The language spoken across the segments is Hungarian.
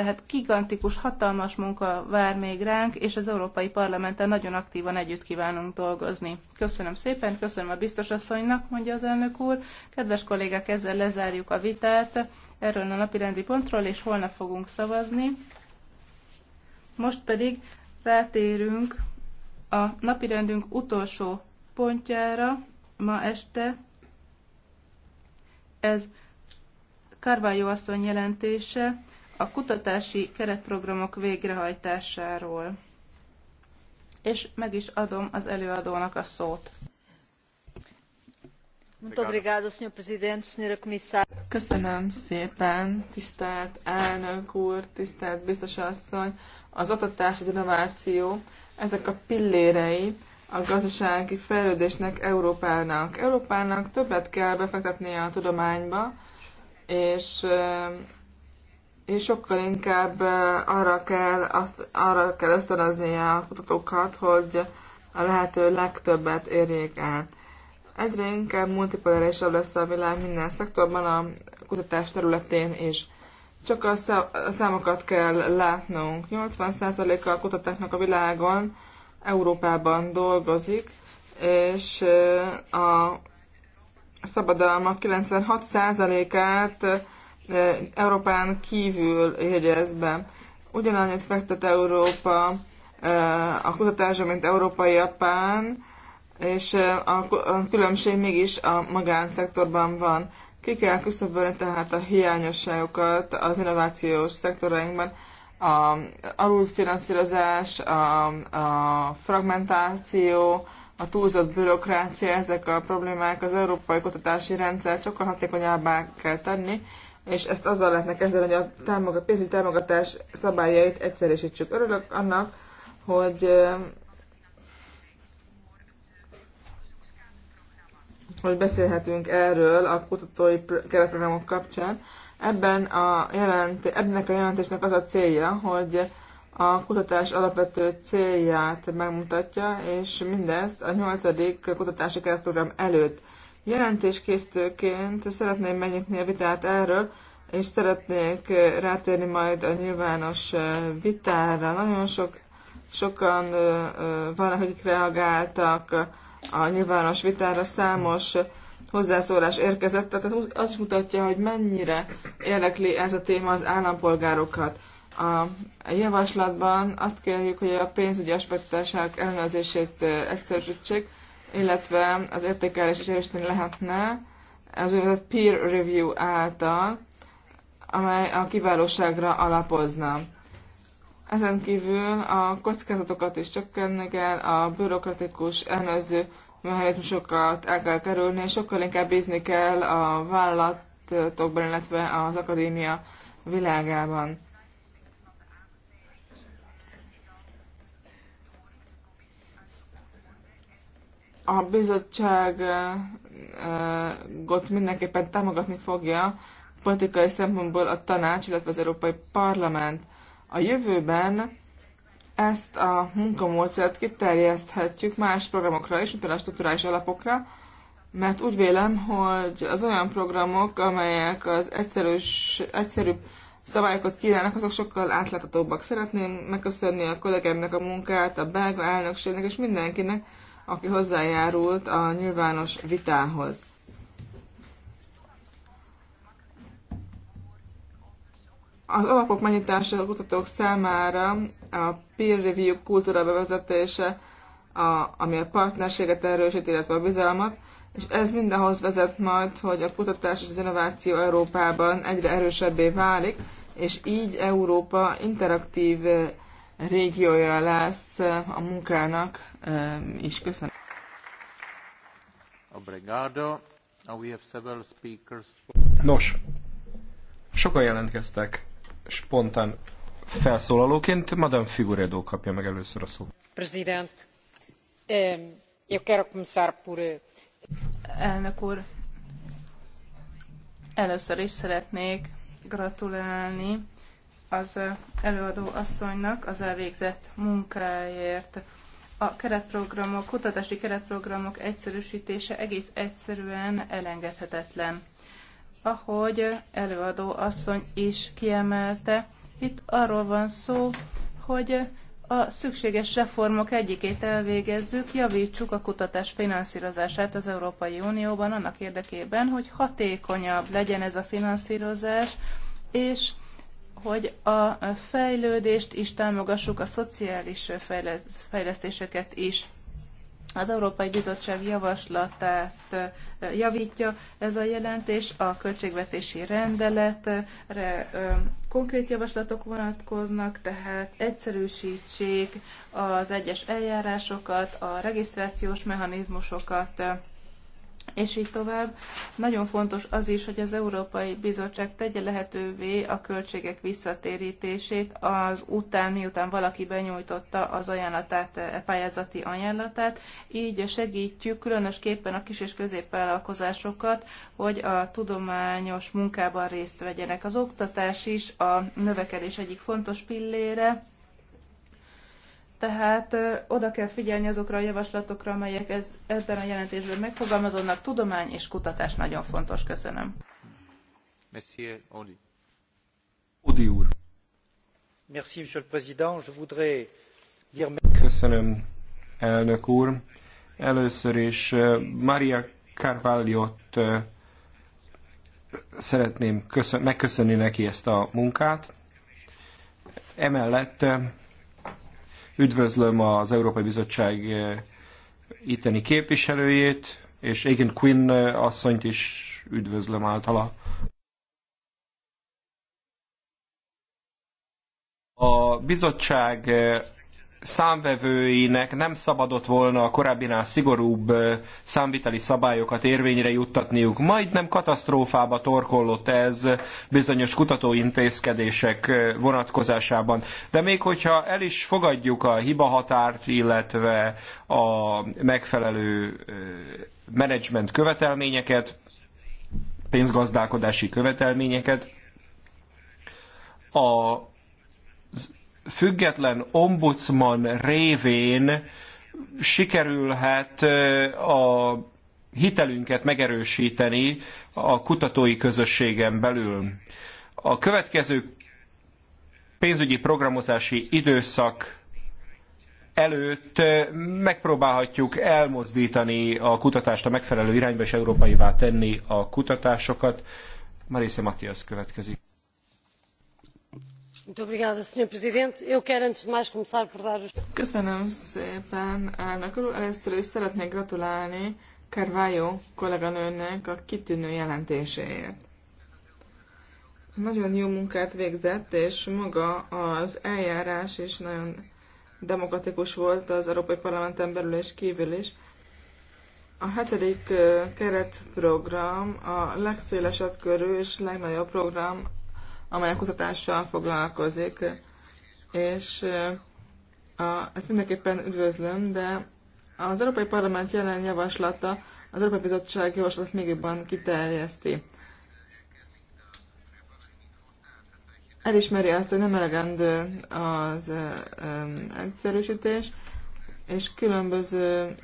tehát gigantikus, hatalmas munka vár még ránk, és az Európai Parlamenten nagyon aktívan együtt kívánunk dolgozni. Köszönöm szépen, köszönöm a biztosasszonynak, mondja az elnök úr. Kedves kollégák, ezzel lezárjuk a vitát erről a napirendi pontról, és holnap fogunk szavazni. Most pedig rátérünk a napirendünk utolsó pontjára ma este. Ez Carvalho asszony jelentése, a kutatási keretprogramok végrehajtásáról. És meg is adom az előadónak a szót. Köszönöm szépen, tisztelt elnök úr, tisztelt biztos asszony. Az adatás, az innováció, ezek a pillérei a gazdasági fejlődésnek Európának. Európának többet kell befektetnie a tudományba, és és sokkal inkább arra kell, azt, arra kell ösztönözni a kutatókat, hogy a lehető legtöbbet érjék el. Egyre inkább multipolarisabb lesz a világ minden szektorban, a kutatás területén is. Csak a számokat kell látnunk. 80%-a a kutatásnak a világon Európában dolgozik, és a szabadalmak 96%-át Európán kívül jegyez be. Ugyanannyit fektet Európa a kutatásra, mint Európa Japán, és a különbség mégis a magánszektorban van. Ki kell küszöbölni tehát a hiányosságokat az innovációs szektorainkban, a alulfinanszírozás, a, a fragmentáció, a túlzott bürokrácia, ezek a problémák az európai kutatási rendszer sokkal hatékonyabbá kell tenni, és ezt azzal lehetne kezdeni, hogy a támogat, pénzügyi támogatás szabályait egyszerűsítsük. Örülök annak, hogy eh, hogy beszélhetünk erről a kutatói keretprogramok kapcsán. Ebben a jelent, ennek a jelentésnek az a célja, hogy a kutatás alapvető célját megmutatja, és mindezt a 8. kutatási keretprogram előtt Jelentéskészítőként szeretném megnyitni a vitát erről, és szeretnék eh, rátérni majd a nyilvános eh, vitára. Nagyon sok, sokan eh, van, akik reagáltak a nyilvános vitára, számos hozzászólás érkezett, tehát az is mutatja, hogy mennyire érdekli ez a téma az állampolgárokat. A javaslatban azt kérjük, hogy a pénzügyi aspektusák ellenőrzését egyszerűsítsék, illetve az értékelés is erősíteni lehetne az úgynevezett peer review által, amely a kiválóságra alapozna. Ezen kívül a kockázatokat is csökkenni kell, a bürokratikus elnöző mechanizmusokat el kell kerülni, és sokkal inkább bízni kell a vállalatokban, illetve az akadémia világában. a bizottságot mindenképpen támogatni fogja politikai szempontból a tanács, illetve az Európai Parlament. A jövőben ezt a munkamódszert kiterjeszthetjük más programokra is, mint például a strukturális alapokra, mert úgy vélem, hogy az olyan programok, amelyek az egyszerűs, egyszerűbb szabályokat kínálnak, azok sokkal átláthatóbbak. Szeretném megköszönni a kollégámnak a munkát, a belga elnökségnek és mindenkinek, aki hozzájárult a nyilvános vitához. Az alapok megnyitása a kutatók számára a peer review kultúra bevezetése, a, ami a partnerséget erősít, illetve a bizalmat, és ez mindenhoz vezet majd, hogy a kutatás és az innováció Európában egyre erősebbé válik, és így Európa interaktív régiója lesz a munkának is. Köszönöm. Obrigado. we have several speakers. Nos, sokan jelentkeztek spontán felszólalóként. Madame Figueredo kapja meg először a szót. President, eu quero começar por... Eh, Elnök úr, először is szeretnék gratulálni az előadó asszonynak az elvégzett munkáért. A keretprogramok, kutatási keretprogramok egyszerűsítése egész egyszerűen elengedhetetlen. Ahogy előadó asszony is kiemelte, itt arról van szó, hogy a szükséges reformok egyikét elvégezzük, javítsuk a kutatás finanszírozását az Európai Unióban annak érdekében, hogy hatékonyabb legyen ez a finanszírozás, és hogy a fejlődést is támogassuk, a szociális fejlesztéseket is. Az Európai Bizottság javaslatát javítja ez a jelentés, a költségvetési rendeletre konkrét javaslatok vonatkoznak, tehát egyszerűsítsék az egyes eljárásokat, a regisztrációs mechanizmusokat, és így tovább. Nagyon fontos az is, hogy az Európai Bizottság tegye lehetővé a költségek visszatérítését az után, miután valaki benyújtotta az ajánlatát, e, pályázati ajánlatát. Így segítjük különösképpen a kis- és középvállalkozásokat, hogy a tudományos munkában részt vegyenek. Az oktatás is a növekedés egyik fontos pillére tehát oda kell figyelni azokra a javaslatokra, amelyek ez, ebben a jelentésben megfogalmazódnak. Tudomány és kutatás nagyon fontos. Köszönöm. Monsieur Oli. Audi úr. Merci, Monsieur le Président. Je voudrais dire... Köszönöm, elnök úr. Először is Maria Carvalho-t szeretném megköszönni neki ezt a munkát. Emellett Üdvözlöm az Európai Bizottság eh, itteni képviselőjét, és igen, Quinn eh, asszonyt is üdvözlöm általa. A bizottság eh, számvevőinek nem szabadott volna a korábbinál szigorúbb számviteli szabályokat érvényre juttatniuk. Majdnem katasztrófába torkollott ez bizonyos kutatóintézkedések vonatkozásában. De még hogyha el is fogadjuk a hibahatárt, illetve a megfelelő menedzsment követelményeket, pénzgazdálkodási követelményeket, a független ombudsman révén sikerülhet a hitelünket megerősíteni a kutatói közösségen belül. A következő pénzügyi programozási időszak előtt megpróbálhatjuk elmozdítani a kutatást a megfelelő irányba és európaivá tenni a kutatásokat. Marise Matthias következik. Köszönöm szépen, elnök úr. Először is szeretnék gratulálni Carvalho kolléganőnek a kitűnő jelentéséért. Nagyon jó munkát végzett, és maga az eljárás is nagyon demokratikus volt az Európai Parlamenten belül és kívül is. A hetedik keretprogram a legszélesebb körű és legnagyobb program amely a kutatással foglalkozik, és a, ezt mindenképpen üdvözlöm, de az Európai Parlament jelen javaslata az Európai Bizottság javaslat még jobban kiterjeszti. Elismeri azt, hogy nem elegendő az egyszerűsítés, és különböző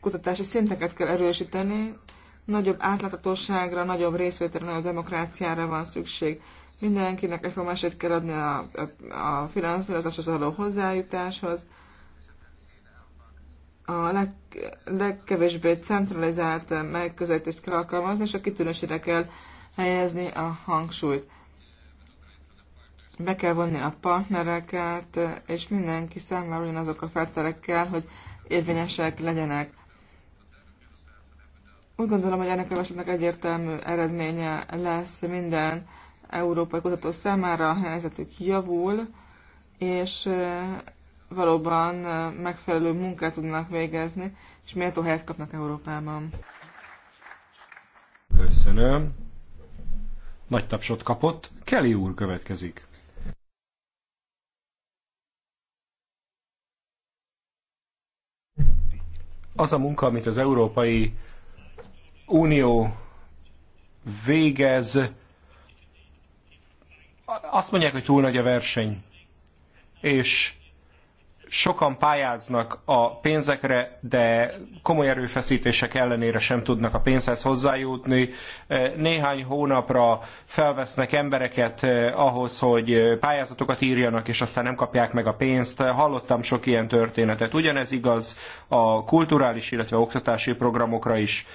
kutatási szinteket kell erősíteni, nagyobb átláthatóságra, nagyobb részvételre, nagyobb demokráciára van szükség mindenkinek egyforma kell adni a, a, a finanszírozáshoz való hozzájutáshoz. A leg, legkevésbé centralizált megközelítést kell alkalmazni, és a kitűnösére kell helyezni a hangsúlyt. Be kell vonni a partnereket, és mindenki számára ugyanazok a feltételekkel, kell, hogy érvényesek legyenek. Úgy gondolom, hogy ennek a javaslatnak egyértelmű eredménye lesz minden európai kutató számára a helyzetük javul, és valóban megfelelő munkát tudnak végezni, és méltó helyet kapnak Európában. Köszönöm. Nagy tapsot kapott. Kelly úr következik. Az a munka, amit az Európai Unió végez, azt mondják, hogy túl nagy a verseny, és sokan pályáznak a pénzekre, de komoly erőfeszítések ellenére sem tudnak a pénzhez hozzájutni. Néhány hónapra felvesznek embereket eh, ahhoz, hogy eh, pályázatokat írjanak, és aztán nem kapják meg a pénzt. Hallottam sok ilyen történetet. Ugyanez igaz a kulturális, illetve oktatási programokra is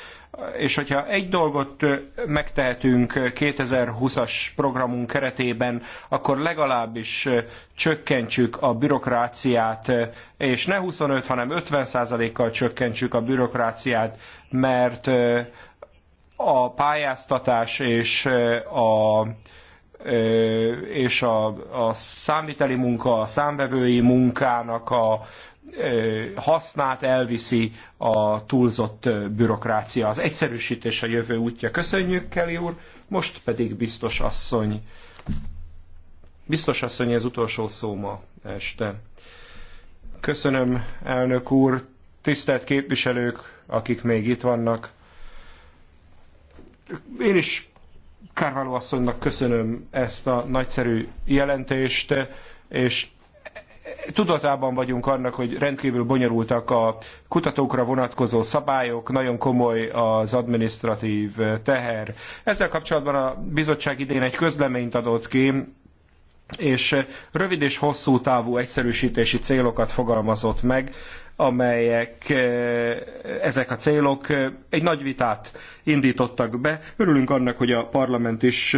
és hogyha egy dolgot megtehetünk 2020-as programunk keretében, akkor legalábbis csökkentsük a bürokráciát, és ne 25, hanem 50 kal csökkentsük a bürokráciát, mert a pályáztatás és a és a, a számviteli munka, a számvevői munkának a hasznát elviszi a túlzott bürokrácia. Az egyszerűsítés a jövő útja. Köszönjük, Kelly úr, most pedig biztos asszony. Biztos asszony, ez utolsó szó ma este. Köszönöm, elnök úr, tisztelt képviselők, akik még itt vannak. Én is Kárváló asszonynak köszönöm ezt a nagyszerű jelentést, és tudatában vagyunk annak, hogy rendkívül bonyolultak a kutatókra vonatkozó szabályok, nagyon komoly az administratív teher. Ezzel kapcsolatban a bizottság idén egy közleményt adott ki, és eh, rövid és hosszú távú egyszerűsítési célokat fogalmazott meg, amelyek eh, ezek a célok eh, egy nagy vitát indítottak be. Örülünk annak, hogy a parlament is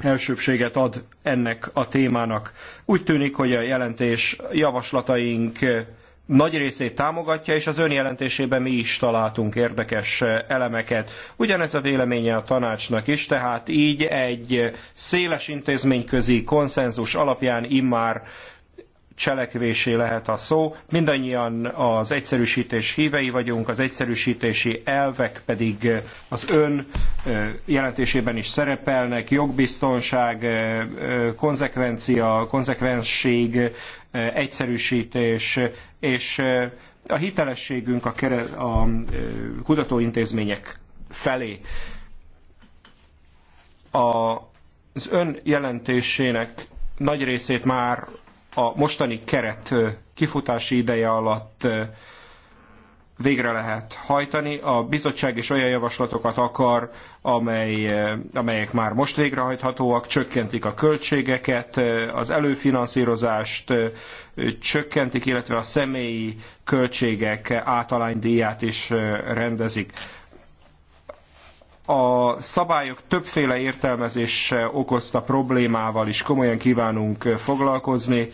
elsőbséget ad ennek a témának. Úgy tűnik, hogy a jelentés javaslataink nagy részét támogatja, és az önjelentésében mi is találtunk érdekes eh, elemeket. Ugyanez a véleménye a tanácsnak is, tehát így egy eh, széles intézményközi konszenzus alapján immár cselekvésé lehet a szó. Mindannyian az egyszerűsítés hívei vagyunk, az egyszerűsítési elvek pedig az ön jelentésében is szerepelnek, jogbiztonság, konzekvencia, konzekvensség, egyszerűsítés, és a hitelességünk a, kere, a kutatóintézmények felé. A, az ön jelentésének nagy részét már a mostani keret kifutási ideje alatt végre lehet hajtani. A bizottság is olyan javaslatokat akar, amely, amelyek már most végrehajthatóak, csökkentik a költségeket, az előfinanszírozást csökkentik, illetve a személyi költségek általánydíját is rendezik a szabályok többféle értelmezése okozta problémával is komolyan kívánunk foglalkozni.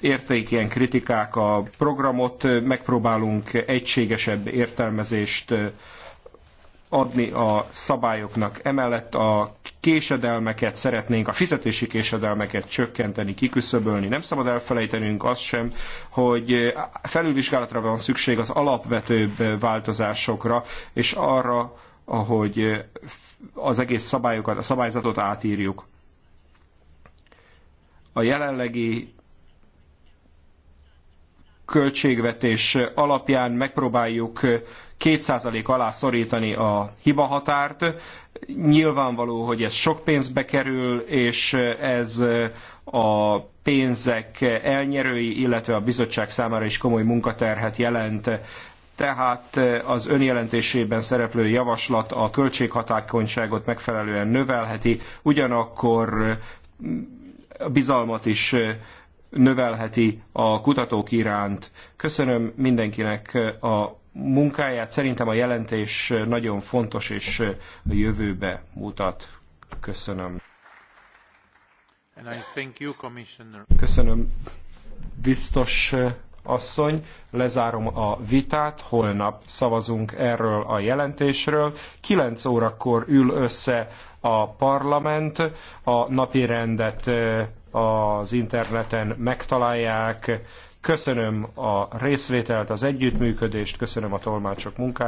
Érték ilyen kritikák a programot, megpróbálunk egységesebb értelmezést adni a szabályoknak. Emellett a késedelmeket szeretnénk, a fizetési késedelmeket csökkenteni, kiküszöbölni. Nem szabad elfelejtenünk azt sem, hogy felülvizsgálatra van szükség az alapvetőbb változásokra, és arra, ahogy az egész szabályokat, a szabályzatot átírjuk. A jelenlegi költségvetés alapján megpróbáljuk 2% alá szorítani a hibahatárt. Nyilvánvaló, hogy ez sok pénzbe kerül, és ez a pénzek elnyerői, illetve a bizottság számára is komoly munkaterhet jelent tehát eh, az önjelentésében szereplő javaslat a költséghatákonyságot megfelelően növelheti, ugyanakkor eh, a bizalmat is eh, növelheti a kutatók iránt. Köszönöm mindenkinek a munkáját, szerintem a jelentés nagyon fontos és a jövőbe mutat. Köszönöm. You, Köszönöm, biztos asszony. Lezárom a vitát, holnap szavazunk erről a jelentésről. 9 órakor ül össze a parlament, a napi rendet az interneten megtalálják. Köszönöm a részvételt, az együttműködést, köszönöm a tolmácsok munkáját.